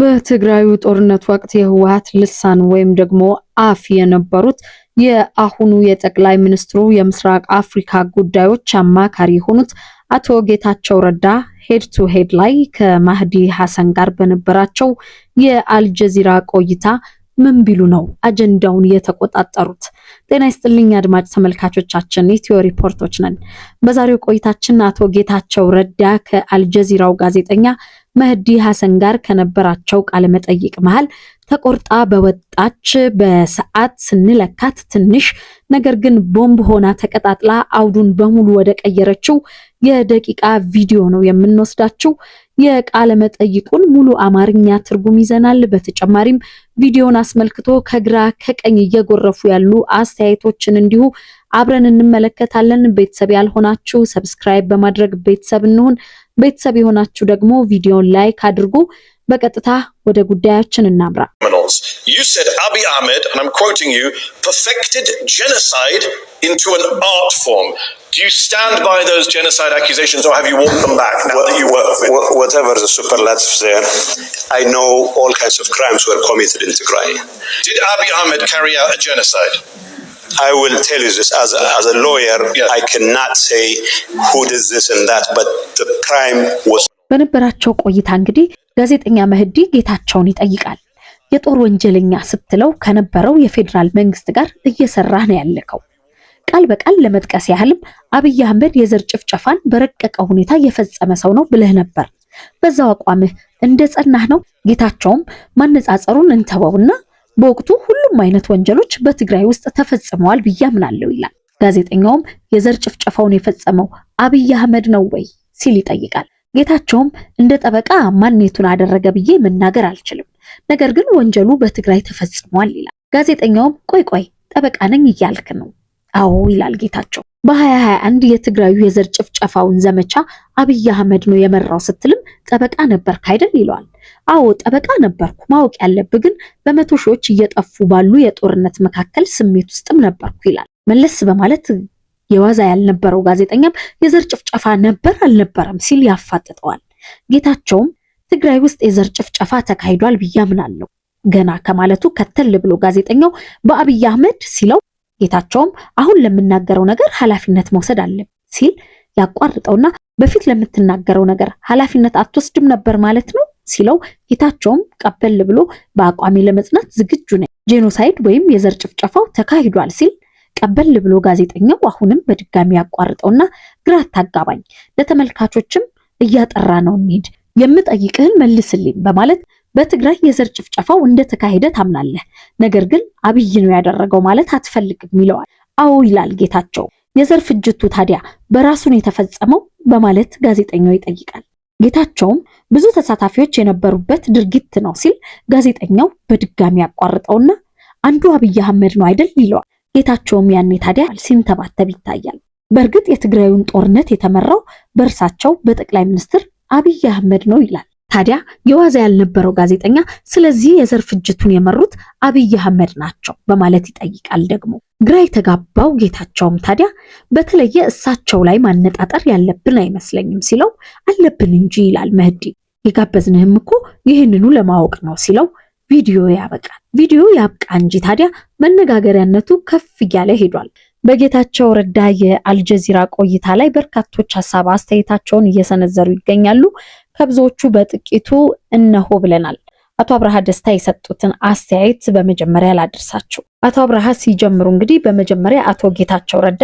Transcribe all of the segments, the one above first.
በትግራዩ ጦርነት ወቅት የህወሀት ልሳን ወይም ደግሞ አፍ የነበሩት የአሁኑ የጠቅላይ ሚኒስትሩ የምስራቅ አፍሪካ ጉዳዮች አማካሪ የሆኑት አቶ ጌታቸው ረዳ ሄድ ቱ ሄድ ላይ ከማህዲ ሐሰን ጋር በነበራቸው የአልጀዚራ ቆይታ ምን ቢሉ ነው አጀንዳውን የተቆጣጠሩት? ጤና ይስጥልኝ አድማጭ ተመልካቾቻችን፣ ኢትዮ ሪፖርቶች ነን። በዛሬው ቆይታችን አቶ ጌታቸው ረዳ ከአልጀዚራው ጋዜጠኛ መህዲ ሀሰን ጋር ከነበራቸው ቃለመጠይቅ መሃል ተቆርጣ በወጣች በሰዓት ስንለካት ትንሽ ነገር ግን ቦምብ ሆና ተቀጣጥላ አውዱን በሙሉ ወደ ቀየረችው የደቂቃ ቪዲዮ ነው የምንወስዳችው። የቃለ መጠይቁን ሙሉ አማርኛ ትርጉም ይዘናል። በተጨማሪም ቪዲዮን አስመልክቶ ከግራ ከቀኝ እየጎረፉ ያሉ አስተያየቶችን እንዲሁ አብረን እንመለከታለን። ቤተሰብ ያልሆናችሁ ሰብስክራይብ በማድረግ ቤተሰብ እንሁን። ቤተሰብ የሆናችሁ ደግሞ ቪዲዮን ላይክ አድርጉ። በቀጥታ ወደ ጉዳያችን እናምራ። art form. Do you stand by those genocide accusations or have you walked them back now what, that you work with? Whatever the superlatives there, I know all kinds of crimes were committed in Tigray. Did Abiy Ahmed carry out a genocide? I will tell you this as a, as a lawyer, yeah. I cannot say who did this and that, but the crime was. በነበራቸው ቆይታ እንግዲህ ጋዜጠኛ መህዲ ጌታቸውን ይጠይቃል። የጦር ወንጀለኛ ስትለው ከነበረው የፌዴራል መንግስት ጋር እየሰራ ነው ያለከው ቃል በቃል ለመጥቀስ ያህልም አብይ አህመድ የዘር ጭፍጨፋን በረቀቀ ሁኔታ የፈጸመ ሰው ነው ብለህ ነበር። በዛው አቋምህ እንደ ጸናህ ነው። ጌታቸውም ማነጻጸሩን እንተወውና በወቅቱ ሁሉም አይነት ወንጀሎች በትግራይ ውስጥ ተፈጽመዋል ብዬ አምናለሁ ይላል። ጋዜጠኛውም የዘር ጭፍጨፋውን የፈጸመው አብይ አህመድ ነው ወይ ሲል ይጠይቃል። ጌታቸውም እንደ ጠበቃ ማንነቱን አደረገ ብዬ መናገር አልችልም፣ ነገር ግን ወንጀሉ በትግራይ ተፈጽሟል ይላል። ጋዜጠኛውም ቆይ ቆይ ጠበቃ ነኝ እያልክ ነው አዎ ይላል ጌታቸው። በ2021 የትግራዩ የዘር ጭፍጨፋውን ዘመቻ አብይ አህመድ ነው የመራው ስትልም ጠበቃ ነበርክ አይደል ይለዋል። አዎ ጠበቃ ነበርኩ። ማወቅ ያለብህ ግን በመቶ ሺዎች እየጠፉ ባሉ የጦርነት መካከል ስሜት ውስጥም ነበርኩ ይላል መለስ በማለት የዋዛ ያልነበረው ጋዜጠኛም የዘር ጭፍጨፋ ነበር አልነበረም ሲል ያፋጥጠዋል። ጌታቸውም ትግራይ ውስጥ የዘር ጭፍጨፋ ተካሂዷል ብዬ አምናለሁ ገና ከማለቱ ከተል ብሎ ጋዜጠኛው በአብይ አህመድ ሲለው ጌታቸውም አሁን ለምናገረው ነገር ኃላፊነት መውሰድ አለ ሲል ያቋርጠውና በፊት ለምትናገረው ነገር ኃላፊነት አትወስድም ነበር ማለት ነው ሲለው ጌታቸውም ቀበል ብሎ በአቋሚ ለመጽናት ዝግጁ ነ ጄኖሳይድ ወይም የዘር ጭፍጨፋው ተካሂዷል ሲል ቀበል ብሎ ጋዜጠኛው አሁንም በድጋሚ ያቋርጠውና ግራ አታጋባኝ፣ ለተመልካቾችም እያጠራ ነው እንሂድ፣ የምጠይቅህን መልስልኝ በማለት በትግራይ የዘር ጭፍጨፋው እንደተካሄደ ታምናለህ፣ ነገር ግን አብይ ነው ያደረገው ማለት አትፈልግም ይለዋል። አዎ ይላል ጌታቸው። የዘር ፍጅቱ ታዲያ በራሱን የተፈጸመው በማለት ጋዜጠኛው ይጠይቃል። ጌታቸውም ብዙ ተሳታፊዎች የነበሩበት ድርጊት ነው ሲል ጋዜጠኛው በድጋሚ ያቋርጠውና አንዱ አብይ አህመድ ነው አይደል ይለዋል። ጌታቸውም ያኔ ታዲያ ሲንተባተብ ይታያል። በእርግጥ የትግራዩን ጦርነት የተመራው በእርሳቸው በጠቅላይ ሚኒስትር አብይ አህመድ ነው ይላል። ታዲያ የዋዛ ያልነበረው ጋዜጠኛ ስለዚህ የዘር ፍጅቱን የመሩት አብይ አህመድ ናቸው በማለት ይጠይቃል። ደግሞ ግራ የተጋባው ጌታቸውም ታዲያ በተለየ እሳቸው ላይ ማነጣጠር ያለብን አይመስለኝም ሲለው አለብን እንጂ ይላል መህዲ። የጋበዝንህም እኮ ይህንኑ ለማወቅ ነው ሲለው ቪዲዮ ያበቃል። ቪዲዮ ያብቃ እንጂ ታዲያ መነጋገሪያነቱ ከፍ እያለ ሄዷል። በጌታቸው ረዳ የአልጀዚራ ቆይታ ላይ በርካቶች ሀሳብ አስተያየታቸውን እየሰነዘሩ ይገኛሉ። ከብዙዎቹ በጥቂቱ እነሆ ብለናል። አቶ አብርሃ ደስታ የሰጡትን አስተያየት በመጀመሪያ ላደርሳችሁ። አቶ አብርሃ ሲጀምሩ እንግዲህ በመጀመሪያ አቶ ጌታቸው ረዳ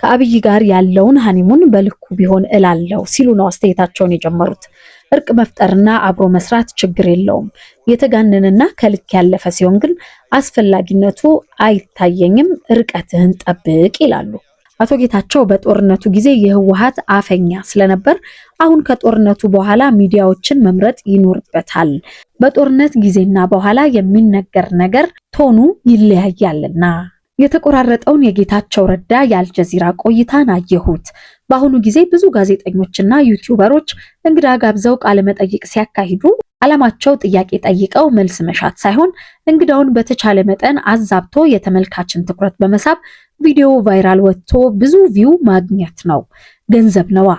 ከአብይ ጋር ያለውን ሀኒሙን በልኩ ቢሆን እላለው ሲሉ ነው አስተያየታቸውን የጀመሩት። እርቅ መፍጠርና አብሮ መስራት ችግር የለውም። የተጋነነና ከልክ ያለፈ ሲሆን ግን አስፈላጊነቱ አይታየኝም፣ ርቀትህን ጠብቅ ይላሉ። አቶ ጌታቸው በጦርነቱ ጊዜ የህወሀት አፈኛ ስለነበር አሁን ከጦርነቱ በኋላ ሚዲያዎችን መምረጥ ይኖርበታል። በጦርነት ጊዜና በኋላ የሚነገር ነገር ቶኑ ይለያያልና። የተቆራረጠውን የጌታቸው ረዳ የአልጀዚራ ቆይታን አየሁት። በአሁኑ ጊዜ ብዙ ጋዜጠኞችና ዩቲዩበሮች እንግዳ ጋብዘው ቃለ መጠይቅ ሲያካሂዱ ዓላማቸው ጥያቄ ጠይቀው መልስ መሻት ሳይሆን እንግዳውን በተቻለ መጠን አዛብቶ የተመልካችን ትኩረት በመሳብ ቪዲዮ ቫይራል ወጥቶ ብዙ ቪው ማግኘት ነው፣ ገንዘብ ነዋ።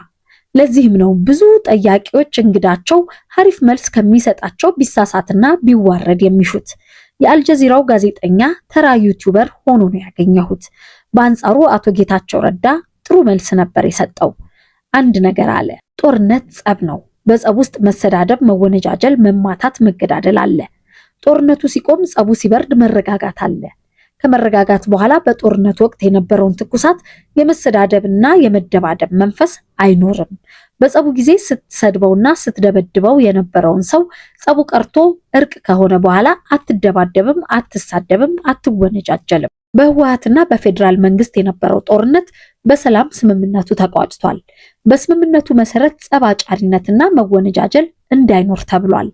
ለዚህም ነው ብዙ ጠያቂዎች እንግዳቸው ሐሪፍ መልስ ከሚሰጣቸው ቢሳሳትና ቢዋረድ የሚሹት። የአልጀዚራው ጋዜጠኛ ተራ ዩቲዩበር ሆኖ ነው ያገኘሁት። በአንጻሩ አቶ ጌታቸው ረዳ ጥሩ መልስ ነበር የሰጠው። አንድ ነገር አለ። ጦርነት ጸብ ነው። በጸብ ውስጥ መሰዳደብ፣ መወነጃጀል፣ መማታት፣ መገዳደል አለ። ጦርነቱ ሲቆም ጸቡ ሲበርድ መረጋጋት አለ። ከመረጋጋት በኋላ በጦርነት ወቅት የነበረውን ትኩሳት የመሰዳደብና የመደባደብ መንፈስ አይኖርም። በጸቡ ጊዜ ስትሰድበውና ስትደበድበው የነበረውን ሰው ጸቡ ቀርቶ እርቅ ከሆነ በኋላ አትደባደብም፣ አትሳደብም፣ አትወነጃጀልም። በህወሀትና በፌዴራል መንግስት የነበረው ጦርነት በሰላም ስምምነቱ ተቋጭቷል። በስምምነቱ መሰረት ጸባጫሪነትና መወነጃጀል እንዳይኖር ተብሏል።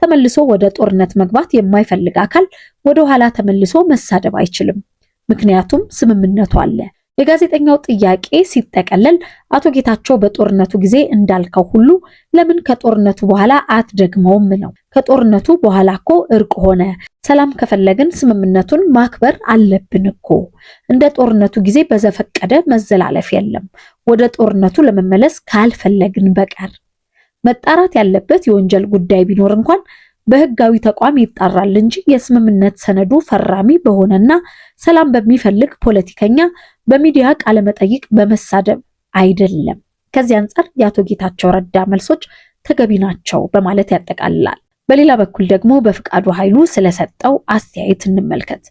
ተመልሶ ወደ ጦርነት መግባት የማይፈልግ አካል ወደ ኋላ ተመልሶ መሳደብ አይችልም። ምክንያቱም ስምምነቱ አለ። የጋዜጠኛው ጥያቄ ሲጠቀለል አቶ ጌታቸው በጦርነቱ ጊዜ እንዳልከው ሁሉ ለምን ከጦርነቱ በኋላ አትደግመውም ነው። ከጦርነቱ በኋላ እኮ እርቅ ሆነ። ሰላም ከፈለግን ስምምነቱን ማክበር አለብን እኮ። እንደ ጦርነቱ ጊዜ በዘፈቀደ መዘላለፍ የለም፣ ወደ ጦርነቱ ለመመለስ ካልፈለግን በቀር መጣራት ያለበት የወንጀል ጉዳይ ቢኖር እንኳን በህጋዊ ተቋም ይጣራል እንጂ የስምምነት ሰነዱ ፈራሚ በሆነና ሰላም በሚፈልግ ፖለቲከኛ በሚዲያ ቃለመጠይቅ በመሳደብ አይደለም። ከዚህ አንጻር የአቶ ጌታቸው ረዳ መልሶች ተገቢ ናቸው በማለት ያጠቃልላል። በሌላ በኩል ደግሞ በፍቃዱ ኃይሉ ስለሰጠው አስተያየት እንመልከት።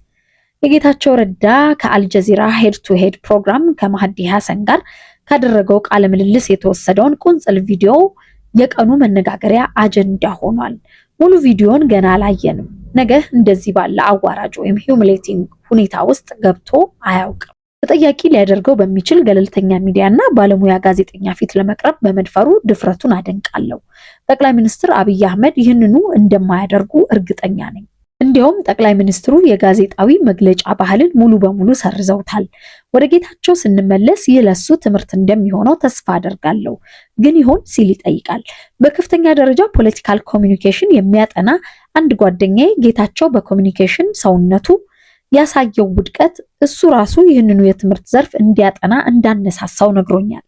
የጌታቸው ረዳ ከአልጀዚራ ሄድ ቱ ሄድ ፕሮግራም ከማህዲ ሐሰን ጋር ካደረገው ቃለ ምልልስ የተወሰደውን ቁንጽል ቪዲዮ የቀኑ መነጋገሪያ አጀንዳ ሆኗል። ሙሉ ቪዲዮን ገና አላየንም። ነገ እንደዚህ ባለ አዋራጅ ወይም ሂውሚሌቲንግ ሁኔታ ውስጥ ገብቶ አያውቅም። ተጠያቂ ሊያደርገው በሚችል ገለልተኛ ሚዲያ እና ባለሙያ ጋዜጠኛ ፊት ለመቅረብ በመድፈሩ ድፍረቱን አደንቃለሁ። ጠቅላይ ሚኒስትር አብይ አህመድ ይህንኑ እንደማያደርጉ እርግጠኛ ነኝ። እንዲያውም ጠቅላይ ሚኒስትሩ የጋዜጣዊ መግለጫ ባህልን ሙሉ በሙሉ ሰርዘውታል። ወደ ጌታቸው ስንመለስ ይህ ለሱ ትምህርት እንደሚሆነው ተስፋ አደርጋለሁ። ግን ይሆን ሲል ይጠይቃል። በከፍተኛ ደረጃ ፖለቲካል ኮሚኒኬሽን የሚያጠና አንድ ጓደኛዬ ጌታቸው በኮሚኒኬሽን ሰውነቱ ያሳየው ውድቀት እሱ ራሱ ይህንኑ የትምህርት ዘርፍ እንዲያጠና እንዳነሳሳው ነግሮኛል።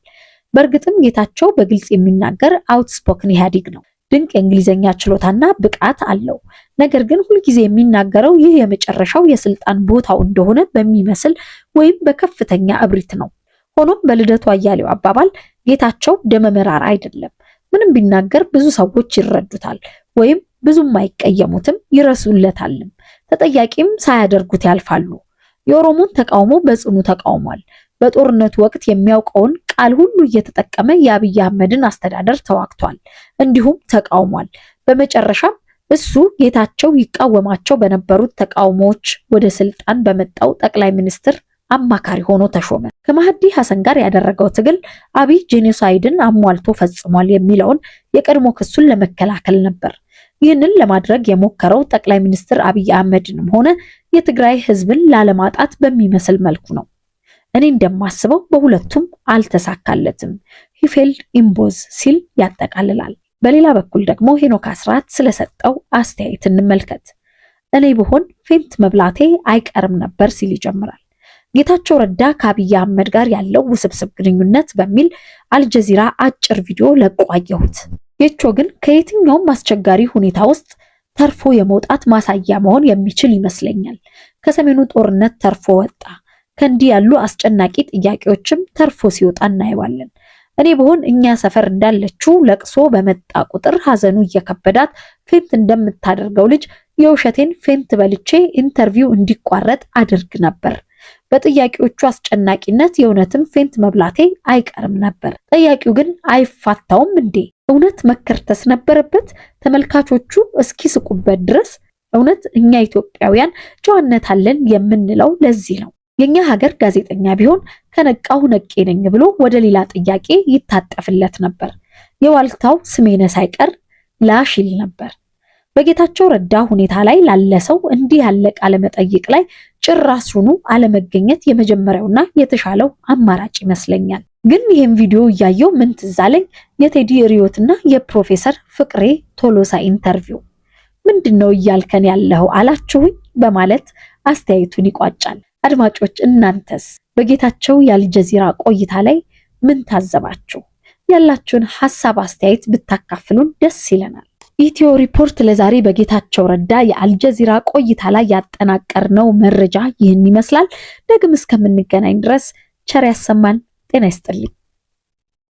በእርግጥም ጌታቸው በግልጽ የሚናገር አውትስፖክን ኢህአዴግ ነው። ድንቅ የእንግሊዝኛ ችሎታና ብቃት አለው። ነገር ግን ሁልጊዜ የሚናገረው ይህ የመጨረሻው የስልጣን ቦታው እንደሆነ በሚመስል ወይም በከፍተኛ እብሪት ነው። ሆኖም በልደቱ አያሌው አባባል ጌታቸው ደመመራር አይደለም። ምንም ቢናገር ብዙ ሰዎች ይረዱታል ወይም ብዙም አይቀየሙትም፣ ይረሱለታልም፣ ተጠያቂም ሳያደርጉት ያልፋሉ። የኦሮሞን ተቃውሞ በጽኑ ተቃውሟል። በጦርነቱ ወቅት የሚያውቀውን ቃል ሁሉ እየተጠቀመ የአብይ አህመድን አስተዳደር ተዋግቷል፣ እንዲሁም ተቃውሟል። በመጨረሻም እሱ ጌታቸው ይቃወማቸው በነበሩት ተቃውሞዎች ወደ ስልጣን በመጣው ጠቅላይ ሚኒስትር አማካሪ ሆኖ ተሾመ። ከማህዲ ሐሰን ጋር ያደረገው ትግል አብይ ጄኖሳይድን አሟልቶ ፈጽሟል የሚለውን የቀድሞ ክሱን ለመከላከል ነበር። ይህንን ለማድረግ የሞከረው ጠቅላይ ሚኒስትር አብይ አህመድንም ሆነ የትግራይ ህዝብን ላለማጣት በሚመስል መልኩ ነው። እኔ እንደማስበው በሁለቱም አልተሳካለትም። ሂፌልድ ኢምቦዝ ሲል ያጠቃልላል። በሌላ በኩል ደግሞ ሄኖክ አስራት ስለሰጠው አስተያየት እንመልከት። እኔ ብሆን ፌንት መብላቴ አይቀርም ነበር ሲል ይጀምራል። ጌታቸው ረዳ ከአብይ አህመድ ጋር ያለው ውስብስብ ግንኙነት በሚል አልጀዚራ አጭር ቪዲዮ ለቆ አየሁት። የቾ ግን ከየትኛውም አስቸጋሪ ሁኔታ ውስጥ ተርፎ የመውጣት ማሳያ መሆን የሚችል ይመስለኛል። ከሰሜኑ ጦርነት ተርፎ ወጣ። ከእንዲህ ያሉ አስጨናቂ ጥያቄዎችም ተርፎ ሲወጣ እናየዋለን። እኔ ብሆን እኛ ሰፈር እንዳለችው ለቅሶ በመጣ ቁጥር ሀዘኑ እየከበዳት ፌንት እንደምታደርገው ልጅ የውሸቴን ፌንት በልቼ ኢንተርቪው እንዲቋረጥ አድርግ ነበር። በጥያቄዎቹ አስጨናቂነት የእውነትም ፌንት መብላቴ አይቀርም ነበር። ጠያቂው ግን አይፋታውም እንዴ? እውነት መከርተስ ነበረበት? ተመልካቾቹ እስኪስቁበት ድረስ እውነት እኛ ኢትዮጵያውያን ጨዋነት አለን የምንለው ለዚህ ነው። የኛ ሀገር ጋዜጠኛ ቢሆን ከነቃሁ ነቄ ነኝ ብሎ ወደ ሌላ ጥያቄ ይታጠፍለት ነበር። የዋልታው ስሜነ ሳይቀር ላሽ ይል ነበር። በጌታቸው ረዳ ሁኔታ ላይ ላለ ሰው እንዲህ ያለ ቃለ መጠይቅ ላይ ጭራሱኑ አለመገኘት የመጀመሪያውና የተሻለው አማራጭ ይመስለኛል። ግን ይህም ቪዲዮ እያየው ምን ትዝ አለኝ? የቴዲ ሪዮትና የፕሮፌሰር ፍቅሬ ቶሎሳ ኢንተርቪው። ምንድን ነው እያልከን ያለው አላችሁኝ በማለት አስተያየቱን ይቋጫል። አድማጮች እናንተስ በጌታቸው የአልጀዚራ ቆይታ ላይ ምን ታዘባችሁ? ያላችሁን ሀሳብ አስተያየት ብታካፍሉን ደስ ይለናል። ኢትዮ ሪፖርት ለዛሬ በጌታቸው ረዳ የአልጀዚራ ቆይታ ላይ ያጠናቀርነው መረጃ ይህን ይመስላል። ደግም እስከምንገናኝ ድረስ ቸር ያሰማን። ጤና ይስጥልኝ።